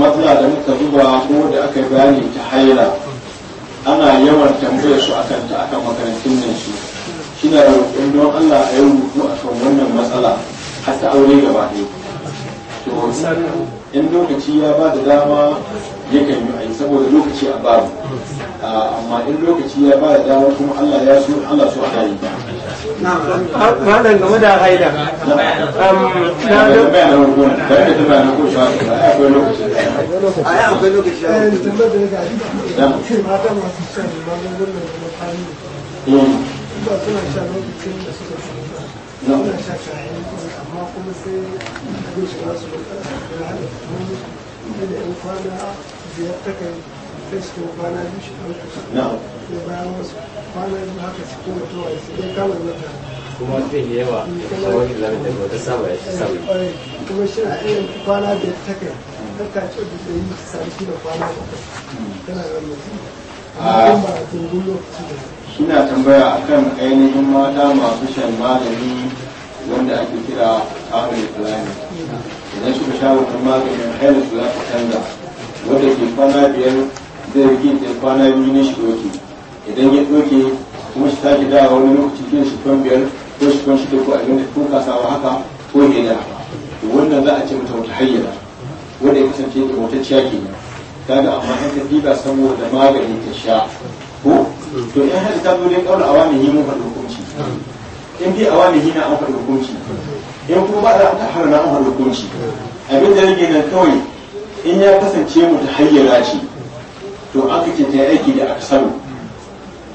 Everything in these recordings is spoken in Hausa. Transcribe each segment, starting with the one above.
matsala da muka zuba ko da aka gane ta haila ana yawan tambaya su akan a kan makarantun nan su shine roƙon don Allah a yi rubutu akan wannan matsala har ta aure gaba ɗaya to in lokaci ya ba da dama kan yi ayi saboda lokaci a babu ah, amma in lokaci ya ba da dama kuma Allah ya so Allah so ana yi malam game da haila na lokacin kuma suna ah. tambaya akan ainihin mata masu shan magani wanda ake kira ahlul fulani mm. idan suka sha wannan maganin haihu za canza wanda ke kwana biyar zai rike ta kwana biyu ne shi doke idan ya doke kuma shi take da wani lokaci fiye shi kan biyar ko shi kan shida ko abin da ko kasawa haka ko ne da haka wannan za a ce mutum wata hayyara wanda ya kasance da ciya ke nan kaga amma in ka diba saboda magani ta sha ko to in har ta dole ne a wani yi mun faɗi hukunci in bi wani yi na an faɗi hukunci in kuma ba za ta harna an faɗi hukunci abin da ya nan kawai in ya kasance mutum ta hayyara ce to an ka ta aiki da aka samu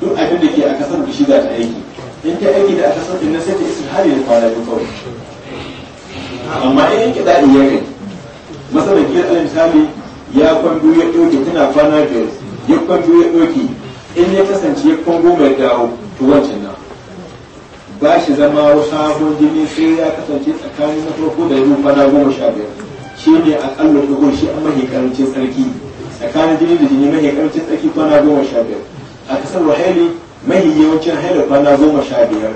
duk abin da ke aka samu da shi za ta aiki in ta aiki da aka samu din sai ta isa har yanzu kwana biyu kawai amma in yanke da ya kai masalan kiyar alal Sami ya kwando ya ɗauke tana kwana biyar ya kwando ya ɗauke in ya kasance ya kwango mai dawo to wancan nan ba shi zama sabon jini sai ya kasance tsakanin na farko da ya kwana goma sha biyar shi ne a aƙalla ɗago shi an mahi ƙarancin tsarki tsakanin jini da jini mahi karancin tsaki kwana goma sha biyar a kasar wahali mahi yawancin haila kwana goma sha biyar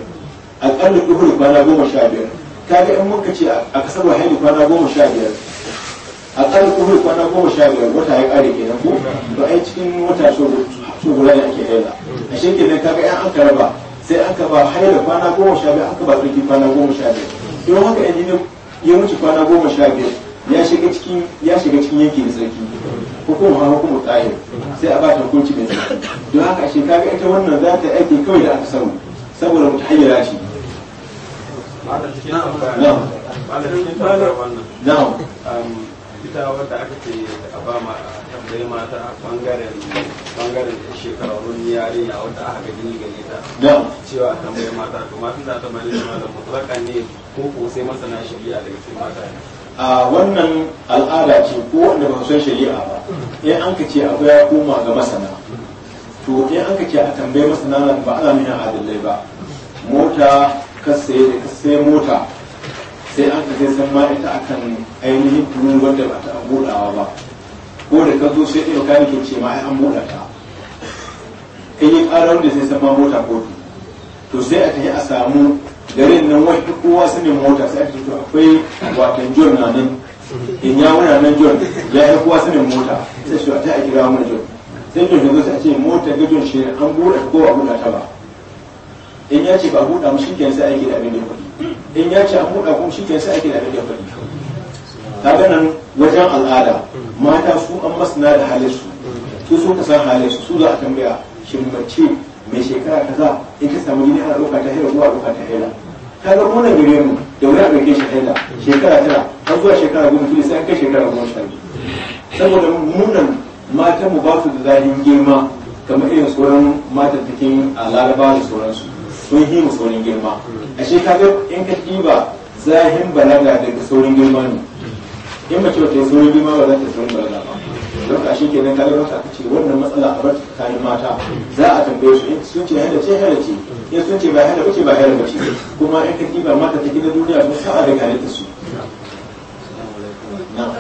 ƙarni ɗuhuri kwana goma sha biyar ga in muka ce a kasar wahali kwana goma sha biyar a ƙarni ɗuhuri kwana goma sha biyar wata ya kare kenan ko to ai cikin wata so guda ne ake haila a shi kenan kaga yan an raba sai an kaba haila kwana goma sha biyar an kaba tsaki kwana goma sha biyar don haka ne ya wuce kwana goma sha biyar ya shiga cikin ya shiga cikin yanki da sarki hukumu ha hukumu tsayir sai a bata hukunci mai sarki don haka a shekara ita wannan za ta aiki kawai da aka samu saboda mutu hayyara shi na'am ita wadda aka ce a ba ma tambayi mata a bangaren bangaren shekarun a wadda aka ga gini gare ta cewa a tambayi mata to mata za ta bari da mata ne ko ko sai masana shari'a daga cikin mata a wannan al'ada ce ko wanda ba san shari'a ba in an ka ce abu ya koma ga masana to in an ka ce a tambayi masana nan ba ana nuna adalai ba mota ka saye da ka saye mota sai an ka sai san ma ita akan ainihin kunu wanda ba ta buɗawa ba ko da ka zo sai ɗaya kayan ke ce ma ai an buɗa ta in yi ƙarar da sai san ma mota kotu to sai a yi a samu garin nan wai duk kowa su ne mota sai ake to akwai watan jon na nan in ya wuna nan jon ya yi kowa su ne mota sai su ta kira mun jon sai jon yanzu sai ce mota ga jon shi an buɗe ko ba buɗe ta ba in ya ce ba buɗa mu shikenan sai ake da abin da kuɗi in ya ce an buɗa kuma shikenan sai ake da abin da kuɗi kaga nan wajen al'ada mata su an masana da halin su su ka kasan halin su su za a tambaya shin mace mai shekara kaza in ka samu jini ana ɗauka ta hira zuwa a ɗauka ta hira ka ga mu gare mu da wani ɗauke shi haila shekara tara har zuwa shekara goma tuni sai an kai shekara goma sha biyu saboda munan matan mu ba su da zahin girma kamar irin sauran matan cikin a laraba da sauransu sun yi mu saurin girma a shekara in ka ɗiba zahin balaga daga saurin girma ne in mace ba ta yi saurin girma ba za ta saurin balaga ba don ka shi kenan kalmar ta ce wannan matsala a bar yi mata za a tambaye su in eh, sun ce hada ce hada ce in eh, sun ce ba hada ba ce ba hada ce kuma in ka kiba mata ta gidan duniya sun sa'a da gane ta su na'am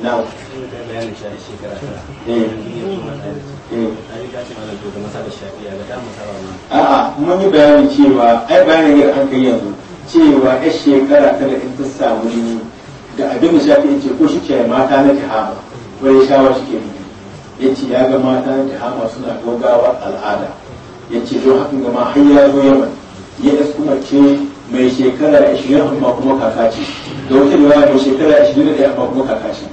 na'am eh. a'a mun yi bayanin cewa ai bayanin yadda an kai yanzu cewa 'yan shekara tana in ta samu da abin shafi'i ce ko shi ke mata na tihama wani shawar shi ke nufi ya ce ya ga mata na tihama suna gaugawa al'ada ya ce don hakan gama har ya zo yaman ya kuma ce mai shekara ashirin amma kuma kaka ce da wata da mai shekara ashirin da amma kuma kaka ce.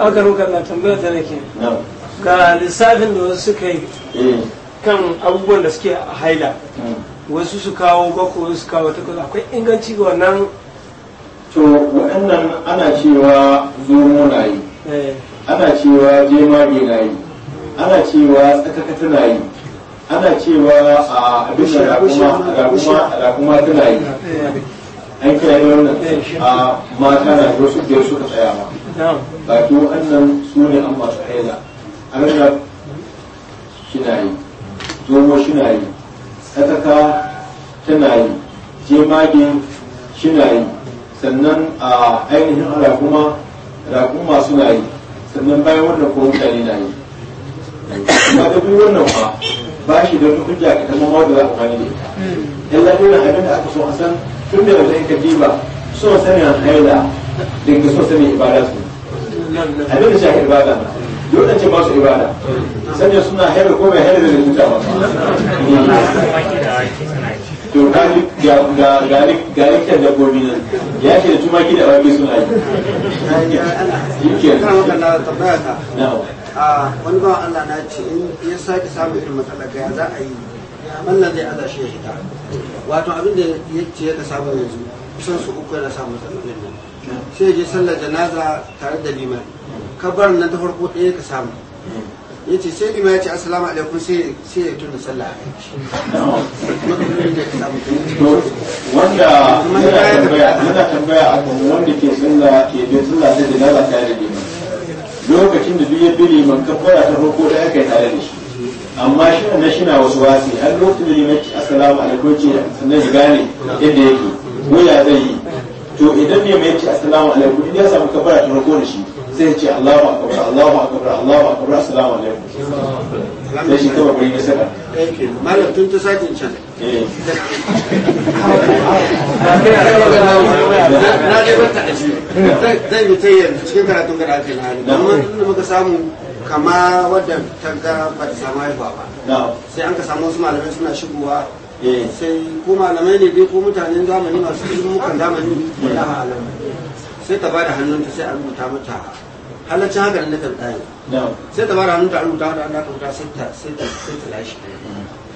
aka ruka na tambayar ta nake ga lissafin da wasu suka yi eh. kan abubuwan da suke haila hmm. wasu su kawo bako wasu su kawo takwas akwai inganci ga wannan to waɗannan ana cewa zomo na yi ana cewa jemage na yi ana cewa tsakakata na yi ana cewa a abin da rakuma tana yi an kira yi wannan a mata na su biyar suka tsaya ba ba ki waɗannan su ne an masu haila abin shi na yi zomo shi na yi tsakaka tana yi jemage na yi sannan a ainihin raƙuma raƙuma suna yi sannan bayan wannan ko mutane na yi ba da biyu wannan ba ba shi da duk hujja ka zama da za a kwani da ita yan lafiyar abin da aka so a san tun da wajen ka jiba so sanin haila da ka so sanin ibada su abin da shafi ibada na dole ce su ibada sanya suna haila ko mai haila da rubuta ba to ga ga ga dabbobi nan ya ce da ki da awaki suna yi yake wani ba Allah na ce in ya sake samu irin matsalar ga za a yi wannan zai aza shi ya hita wato abin da ya ce ya samu yanzu kusan su uku yana samun matsalolin nan sai ya je sallar janaza tare da liman kabar nan ta farko ɗaya ka samu mm. ya ce sai lima ya ce assalamu alaikum sai ya tuna sallah wanda yana tambaya yana tambaya akan wanda ke sallah ke bin sallah sai da lalata da liman lokacin da duk ya bi liman kafara ta farko da aka yi tare da shi amma shi na shi na wasu wasi har lokacin da liman assalamu alaikum ce sannan ya gane yadda yake ko ya zai yi to idan ne mai ce assalamu alaikum in ya samu kafara ta farko da shi zai ce Allahu akbar Allahu akbar Allahu akbar assalamu alaikum sai shi kawai bai nasara malam tun ta sake can eh. na dai barka ta ajiye. zai yi ta yanzu cikin karatun gara ake na hannu amma inda muka samu kama wadda ta ga ba ta samu haihuwa ba sai an ka samu wasu malamai suna shigowa eh. sai ko malamai ne dai ko mutanen zamani masu ilimin mukan zamani wallahi eh. alamai sai ta bada hannunta sai a rubuta mata halaccin haka na kan ɗaya sai ta bada hannunta a rubuta mata ana rubuta sai ta sai ta lashe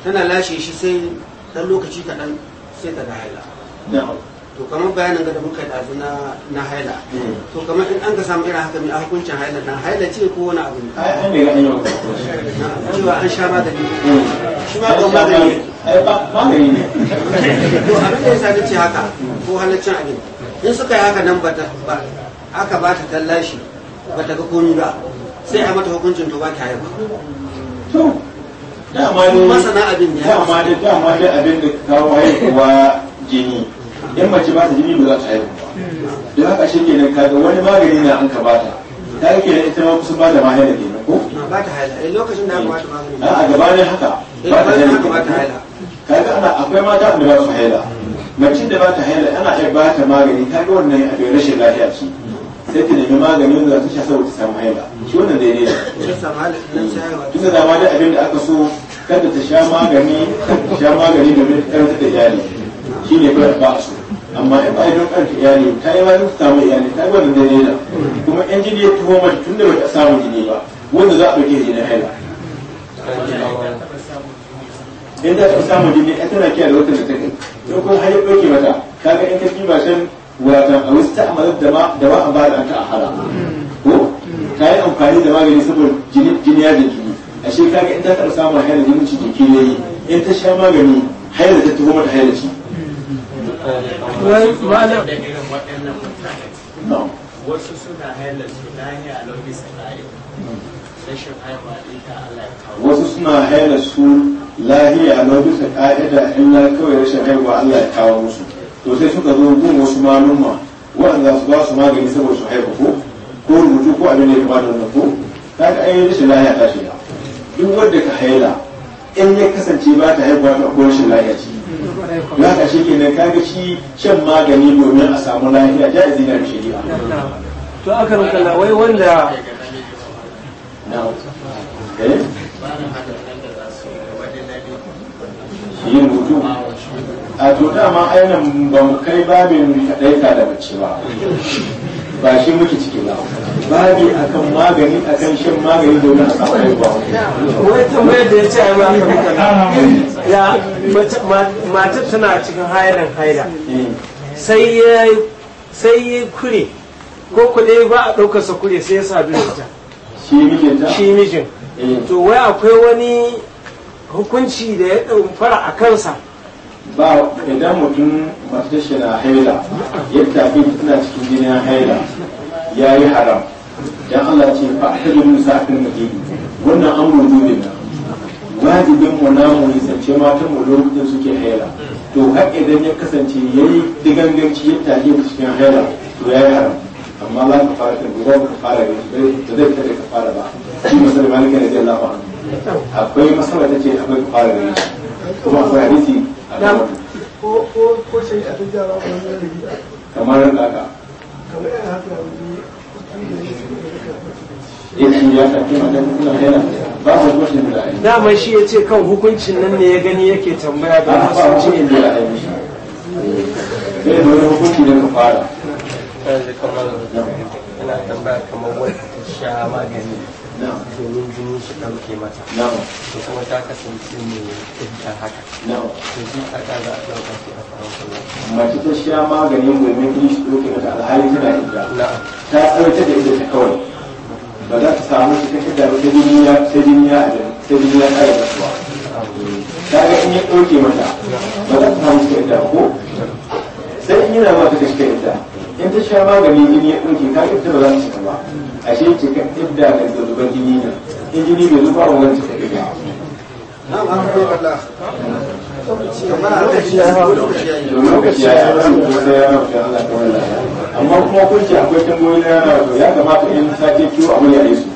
tana lashe shi sai ta lokaci kaɗan sai ta da haila to kamar bayanin ga da muka ɗazu na na haila to kamar in an ka samu irin haka mai a hukuncin haila dan haila ce ko wani abu ne cewa an sha magani hmm. shi ma ɗan magani ne to abin da ya sa ce haka ko halaccin abin in suka yi haka nan bata ba aka ba ta tallashi bata ga komi ba sai a mata hukuncin to ba ta yi ba to dama ne masana abin ne dama ne dama ne abin da kawo haihuwa jini in mace ba ta jini ba za ta haihu ba don haka shi nan kaga wani magani na an ka bata ta yake da ita ma kusan ba da mahaila kenan ko ba ta haila eh, lokacin da aka ba ta magani a ne haka eh, ba ta haila kaga ana akwai mata da ba su haila macin da ba ta haila ana iya ba ta magani ta ga wannan abin rashin lafiya ce sai ta nemi maganin da ta sha saboda ta samu haila shi wannan dai ne tunda da ma da abin da aka so kada ta sha magani ta sha magani domin ta karanta da iyali shi ne kawai ba su amma in ba a don karanta iyali ta yi wani ta samu iyali ta yi wannan dai ne kuma yan jini ya tuho mata da ba ta samu jini ba wanda za a ɗauke jini haila in za ta samu jini ai tana kiyaye da watan da ta kai to kun har doke mata kaga in ka kima shan watan a wasu ta'amalu da ma da ba ba da an ta'ahara ko ta yi amfani da magani saboda jini jini ya jiki a shi kaga in ta taɓa samun hayar da ci jiki ne yi in ta sha magani hayar da ta tuho mata hayar ci. wasu suna hayar su lahiya a lokacin da mm. rashin haihuwa ɗin Allah ya kawo wasu suna hayar su lahiya na bisa ka'ida na kawai rashin haihuwa Allah ya kawo musu to sai suka zo gun wasu malumma waɗanda su ba su magani saboda su haihu ko ko rubutu ko abin da ya kamata da ko ta ga ayyukan rashin lahiya ta shiga duk wanda ka haila in ya kasance ba ta haihuwa ta ko rashin lahiya ci ya ka shi kenan ga shi shan magani domin a samu lahiya jaizi na shari'a to aka wai wanda yin wudu a to dama ainihin ba mu kai babin kaɗaika da mace ba ba shi muke cikin ba babi a kan magani a kan shan magani domin a samu haihuwa wai mai da ya ce ba ya mace tana cikin hailan haila eh. sai ya sai ya kure ko kuɗe ba a ɗaukarsa kure sai ya sadu da ta shi mijin eh. to wai akwai wani hukunci da ya ɗaumfara a kansa ba idan mutum masu tashi na haila yadda abin tana cikin jinin haila ya yi haram dan Allah ce fa ahirin kan mutum wannan an mutu na wajibin mu na mu nisance matan mu lokacin suke haila to har idan ya kasance ya yi diganganci ya cikin haila to ya yi haram amma Allah ka fara ka fara da zai da ka fara ba shi musulmani kan da Allah ba akwai masala ta ce akwai kwara da shi kuma akwai hadisi a kan ko ko ko sai a tafiya ba ko ne da kamar haka kamar haka wani eh, ya shafi mata kuna yana ba su gwashin da ayi dama shi ya ce kan hukuncin nan ne ya gani yake tambaya da ah, wasu ce ne da ayi sai da hukunci da ka fara kamar ina tambaya kamar wata sha magani domin jini su ɗauke mata to kuma ta kasance mai ɗinta haka to ji ta za a ɗauka ce a faransa mace ta sha maganin domin jini su ɗauke mata alhali tana ɗinta ta tsawaita da ita ta kawai ba za ta samu shi ta kada ba sai jini ya sai jini ya sai jini ya ƙara kasuwa ta ga in ya ɗauke mata ba za ta samu shi ta ɗinta ko sai in yana ta shi ta ɗinta in ta sha magani in ya ɗauke ta ɗinta ba za ta ba a shi ce ka ibda da zubar jini na in jini bai zuba wa wani amma kuma akwai tambayoyi na yana wato ya kamata in sake kiwo a murya yesu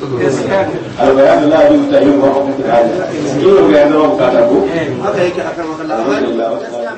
albayanu la ta yi da ga bukata ko haka yake akan